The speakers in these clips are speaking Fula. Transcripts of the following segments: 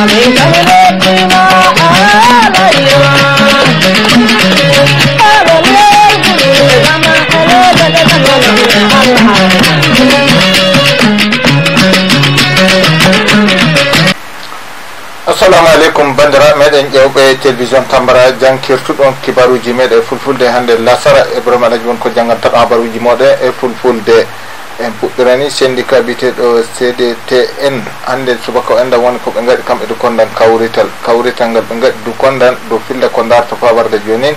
assalamu aleykum bandiraɓe meɗen ƴewɓe télévision tambara jankirtuɗon kibaruji meɗe e fulfulde hannde lasara ibrahima alaji won ko jangantaɗo habaruji moɗe e fulfulde en puɗɗirani syndicat biyeteɗo cdtn hannde subaka enda woni ko ɓe gaɗi kamɓe du kondan kawrital kawrital ngal ɓe gaɗi du kondan du filla ko darta fawarde jonin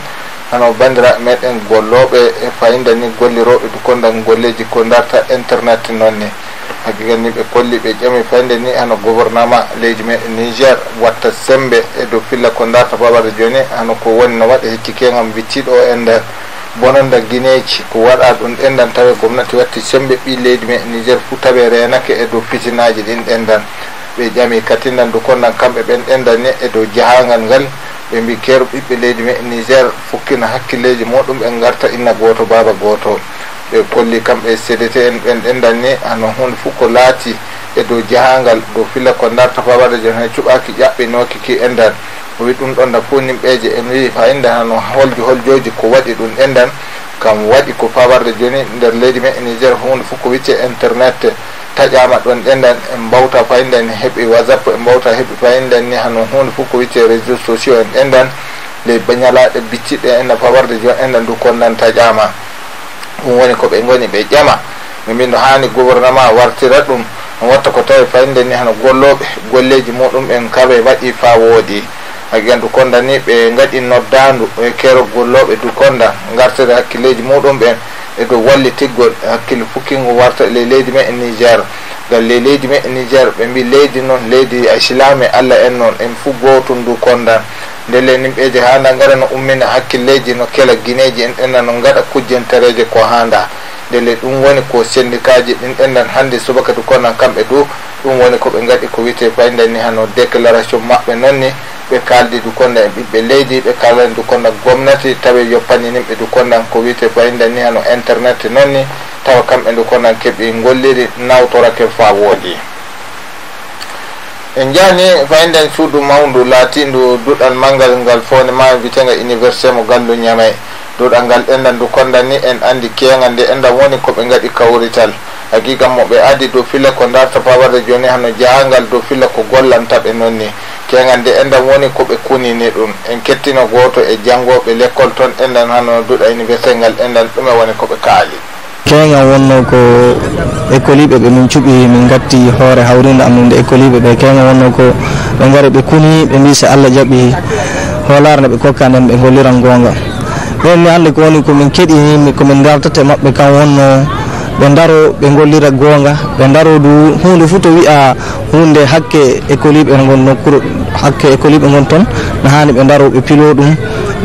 hano bandiraɓe meɗen golloɓe e fayinda ni golliroɓe du kondan golleji ko darta internet noonni hagiganni ɓe kolli ɓe ƴami fayinde ni hano gouvernement leydi meɗen niger watta sembe e du filla ko darta fawarde joni hano ko woni no waɗi hecci kegam wittiɗo e nder bononda guinéji ko waɗa ɗum ɗendan tawe gomnati watti sembe ɓi leydi me e niger fou tawe renake e dow pisinaji ɗin ɗendan ɓe ƴami katinan du konnan kamɓe ɓen ɗendan e dow jahangal ngal ɓe mbi keeru ɓiɓɓe leydi me e niger fukkina hakkilleji muɗum ɓen garta inna goto baba goto ɓe kolli kamɓe e cdt en ɓen ɗendan ni hano hunde fof ko laati e dow jahangal dow filla ko darta fa waɗa jon he cuɓaki ƴaɓɓinokiki endan o wi ɗum ɗon da fo nimɓeje en wi fayinde hano holji holjoji ko waɗi ɗum ɗenɗan kam waɗi ko fawarde joni nder leydi me e niger hunde fof ko wicce internet taƴama ɗon ɗenɗan en mbawta fayindan heeɓi whatsapp en mbawta heeɓi fayindan ni hano hunde fof ko wicce réseau sociau en ɗenɗan nde bañalaɗe bicciɗe enna fawarde joni ɗenɗan ndu konnan taƴama ɗum woni koɓe goni ɓe ƴema mi mbino hani gouvernement wartira ɗum watta ko tawi fayinde ni hano golloɓe golleji muɗum ɓen kawe waɗi fa woodi hagen du konda ni ɓe gaɗi noddandu e kerogolloɓe du konda gartere hakkilleji muɗum ɓen e dow wallitiggol hakkille fukkingo warta le leydi me e niger gal le leydi me e niger ɓe mbi leydi noon leydi aislame allah en noon en fo gotum du konda ndele nimɓeje hada gara no ummina hakkilleji no kela guineji en ɗennan no gaɗa kujjentareje ko handa ndele ɗum woni ko syndicat ji ɗin ɗennan hande subaka du konda kamɓe du ɗum woni koɓe gaɗi ko wiite fayndani hano déclaration maɓɓe noon ni ɓe kaldi dukonna e ɓiɓɓe leydi ɓe kaldani dukonna gomnati tawi yoppaninin ɓe dukonnan ko wiyte bayinda ni hano internet noon ni tawa kamɓe dukonnan keɓi golliri nawtorake fa wooɗi en jaani fayinden suudu mawndu laatindu duɗal manngal ngal fowne ma witenga université mo gallu ñamay duɗal ngal enɗan du konɗan ni en anndi keenga nde enɗan woni ko ɓe ngaɗi kawrital hagiga mo ɓe adi dow filla ko ndarta pawarde jooni hano jahangal dow filla ko gollanta ɓe noon ni kegal nde endan woni ko ɓe kunini ɗum en kettino goto e janngoɓe l'école toon endan hano duɗa université ngal endan ɗume woni koɓe kaali kegal wonno ko écoliɓe ɓe min cuɓi min gatti hoore hawrindo am ɗumde écoliɓe ɓe kegal wonno ko ɓe gari ɓe kuni ɓe mbi so allah jaɓi hoolare nde ɓe kokka nden ɓe golliran gonga ɓen mi hannde ko woni komin keɗini komin daltata e maɓɓe kam wonno ɓe daro ɓe gollira gonga ɓe daro du hunde fo to wiya hunde hakke écoliɓe gon nokkuro hakke écoliɓe gon toon ne hani ɓe daro ɓe pilo ɗum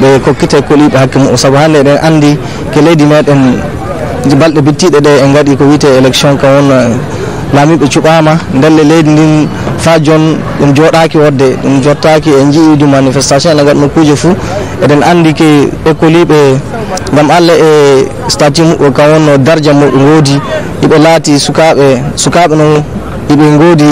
ɓe kokkita écoliɓe hakke mum saabu hande eɗen andi ke leydi meɗen balɗe bittiɗe ɗe en gaɗi ko wiyte élection ka won laami ɓe cuɓaama ndelle leydi ndin faa joon ɗum jooɗaaki wodde ɗum jottaaki e njiyii du manifestation ene ngaɗ nokkuuje fuu eɗen anndi ke ekkoliiɓe ngam allah e statut ka wonno darja muɗum woodi iɓe laati sukaaɓe sukaaɓe no iɓe ngoodi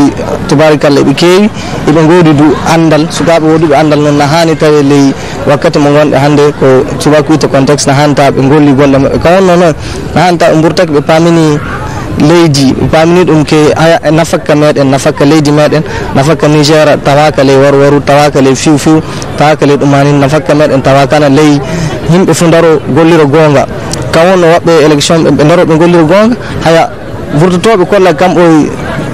tubaarikalla iɓe keewi iɓe ngoodi du anndal sukaaɓe wooduɓe anndal noon na haani tawe ley wakkati mo ngonɗe hannde ko cubakuite contexte na haanitaa ɓe ngolli golle maɓɓe ka wonno noon na haanitaa ɓe mburtaki ɓe paamini leydi pamini ɗum ke nafakka meɗen nafakka leydi meɗen nafakka nigér tawaka ley waru waru tawaka ley few few tawaka ley ɗumani nafakka meɗen tawakana ley yimɓe fo daro gollira gonga kawono waɓɓe élection ɓe daroɓe gollira gonga haya wurdotoɓe kolla kam o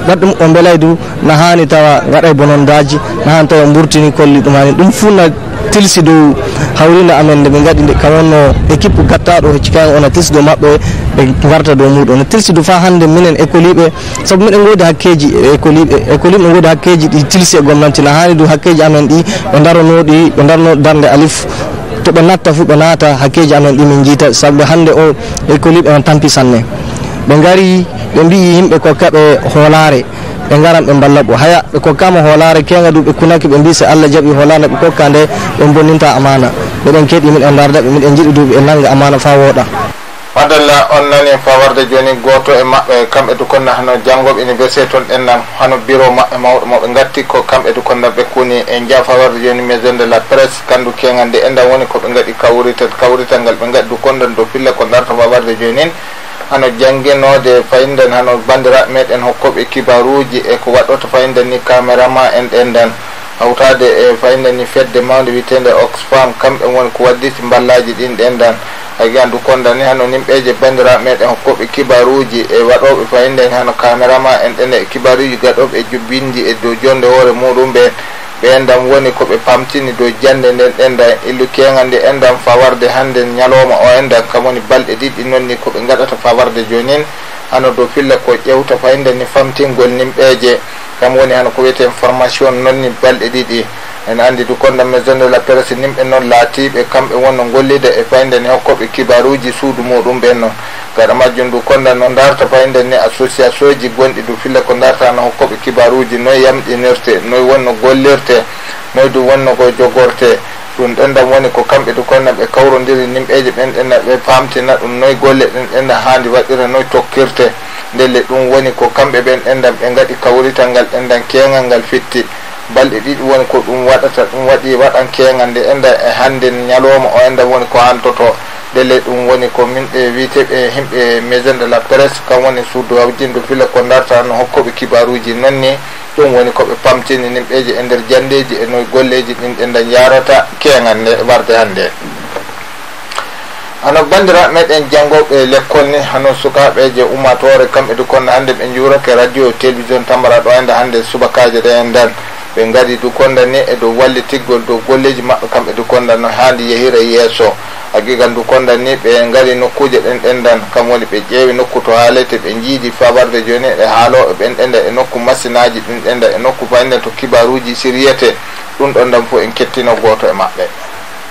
ɓat ɗum o beelaydu nahani tawa waɗay bonon daji nahani tawa burtini kolli ɗumani ɗum fuuna tilsi dow hawrinde amen nde ɓe gaɗi nde kawonno équipe gattaɗo cikan on a tilsi dow mabɓe ɓe garta dow muɗum no tilsi dow fa hande minen écoliɓe saabu miɗen godi hakkeji e, écoliɓe écoliɓe godi hakkeji ɗi tilsi e gomnanti no hani dow hakkeji amen ɗi ɓe daranoɗi ɓe daranoɗ darde alif toɓe natta fo ɓe naata hakkeji amen ɗi min jiita saabuɓe hande o écoliɓe on tampi sanne ɓe gari ɓe mbi yimɓe ko kaɓe hoolare ɓe garan ɓe mballa ɓo haya ɓe kokkama hoolare kega du ɓe kunaki ɓe mbi si allah jaaɓi hoolare ɓe kokka nde ɓe bonninta amana miɗen keeɗi miɗen darda ɓe miɗen jiɗi duɓe e nangga amana fa wooɗa fadalla on nani e fawarde joni goto e maɓɓe kamɓe dukonna hano janggoɓe université toon ɗennan hano bureau maɓɓe mawɗo moɓe gatti ko kamɓe dukonna ɓe kuni e jiya fawarde joni maison de la presse kandu kegal nde endan woni koɓe gaɗi kawritel kawritel ngal ɓe gaɗi dukonnan dow pille ko darta fawarde joni hano jangguinode fayiden hano bandiraɓe meɗen hokkoɓe kibaruji eko waɗoto fayiden ni caméraman en ɗenden hawtade e fayiden ni fedde mawde witende oxfam kamɓe woni ko wadditi mballaji ɗin ɗenden agian du kondani hano nimɓeje bandiraɓe meɗen hokkoɓe kibaruji e waɗoɓe fayiden hano caméraman en ɗen e kibaruji gaɗoɓe e jubbindi e dow jonde hoore muɗum ɓen ɓeendan woni ko ɓe pamtini dow jannde nden enndan illu keŋal nde enndan fawarde hannde ñalowma o enndan kam woni balɗe ɗiɗɗi noon ni ko ɓe ngaɗata fawarde joonin hano dow filla ko ƴewta fayinde ni famtingol nimɓeeje kam woni hano ko wiyeten formation noon ni balɗe ɗiɗi en anndi du konda maison de la presse nimɓe noon laatiiɓe kamɓe wonno ngollida e fayinde ni hokkoɓe kibaruuji suudu muɗum ɓen noon kara majjum ndu konda no darta fayden ni association ji gonɗi ɗu filla ko darta no hokkoɓe kibaruji noy yamɗinirte noy wonno gollirte noy ɗum wonno ko jogorte ɗum ɗenɗan woni ko kamɓe ɗu konna ɓe kawrodiri nimɓeje ɓen ɗena ɓe famtina ɗum noy golle ɗen ɗenɗa haandi waɗira noy tokkirte ndelle ɗum woni ko kamɓe ɓen ɗenɗan ɓe gaɗi kawrital ngal ɗenɗan kengal ngal fitti balɗe ɗiɗi woni ko ɗum waɗata ɗum waɗi waɗan kengal nde ɗenda e, e hannde ñalowma o ɗenɗan woni ko antoto delle ɗum woni ko minɓe witeɓe himɓe maison de la presse kam woni suudu awjindu fila ko dartan hokkoɓe kibaruji nonni ɗum woni koɓe pamtini nimɓeji e nder jandeji e noyi golleji ɗin ɗe dañ yarata kegal nde warde hannde hano bandira meɗen janngoɓe lekkol ni hano sukaɓe je ummatore kamɓe du konde hannde ɓe jurake radio télévision tamara ɗo ande hannde subakaji ɗe en dan ɓe gaari du konda ni e dow wallitiggol dow golleji maɓɓe kamɓe du konda no haandi yehira yesso haqiga ndu kondanni ɓe ngari nokkuje ɗen ɗendan kam woni ɓe ƴeewi nokku to haalete ɓe njiidi fabarde joni ɗe haalooɓe ɓen ɗenda e nokku masinaaji ɗen ɗenda e nokku fayinden to kibaruuji siryete ɗum ɗon ndan fof en kettino gooto e maɓɓe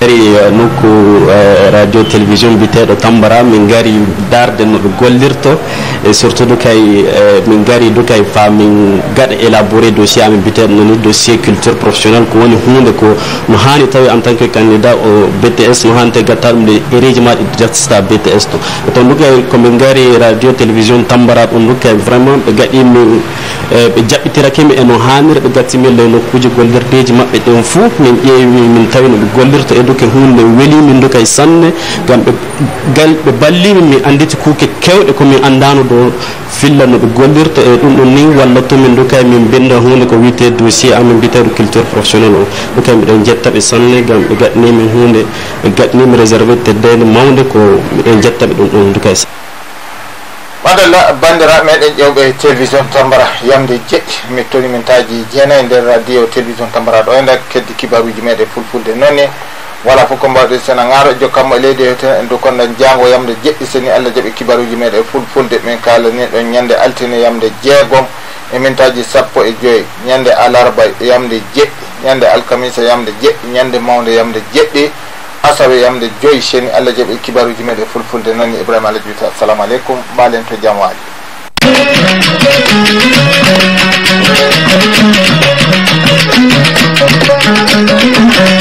ari eh, nokku eh, radio télévision mbiteɗo tambara min gari darde no ɗo gollirto e surtout du kay eh, min gari du kay fa min gaɗa élaboré dossier amin mbiteɗo noni dossier culture professionnel ko woni hunde ko no hani tawi en tant que candidat o bts no hani tawi gatta ɗum ɗe éréji maɗi jatista bts to e ton du kay komin gari radio télévision tambara ɗum du kay vraiment ɓe gaɗimin ɓe jaɓɓitirakimi e no hanir ɓe gattimin ley nokkuji gollirdeji maɓɓe ɗen fo min ƴeewi min tawi no ɗo gollirto e dokke hunde weeli min doka e sanne gam ɓe gal ɓe ballimi min anditi kuuke kewɗe komin andano ɗo filla no ɓe gollirta e ɗum ɗon ni walla to min dokay min binda hunde ko wiyete dossier amin mbiyeteɗo culture professionnel o dokay mbiɗen jettaɓe sanne gam ɓe gaɗanimin hunde ɓe gaɗanimi réservé teddede mawde ko mbiɗen jettaɓe ɗum ɗon dokay e madalla bandira meɗen ƴewɓe e télévision tambara yamde jeɗɗi mettoni min taji jeena e nder radio télévision tambara ɗo e nda keddi kibaruji meɗen fulfulde noonne voilà fof ko mbawɗe sena gaaro e jo kamma e leydi hete en dukonda jango yamde jeɗɗi seni allah jaaɓi kibaruji meɗe e fulfulde min kalaniɗo ñande altine yamde jeegom e mintaji sappo e joyi ñande alarba yamde jeɗɗi ñande alkamisa yamde jeɗɗi ñande mawde yamde jeɗɗi asawe yamde joyi seni allah jaaɓi kibaruji meɗe e fulfulde nani ibrahima alah juta assalamu aleykum mbalen to jaam waali Thank you.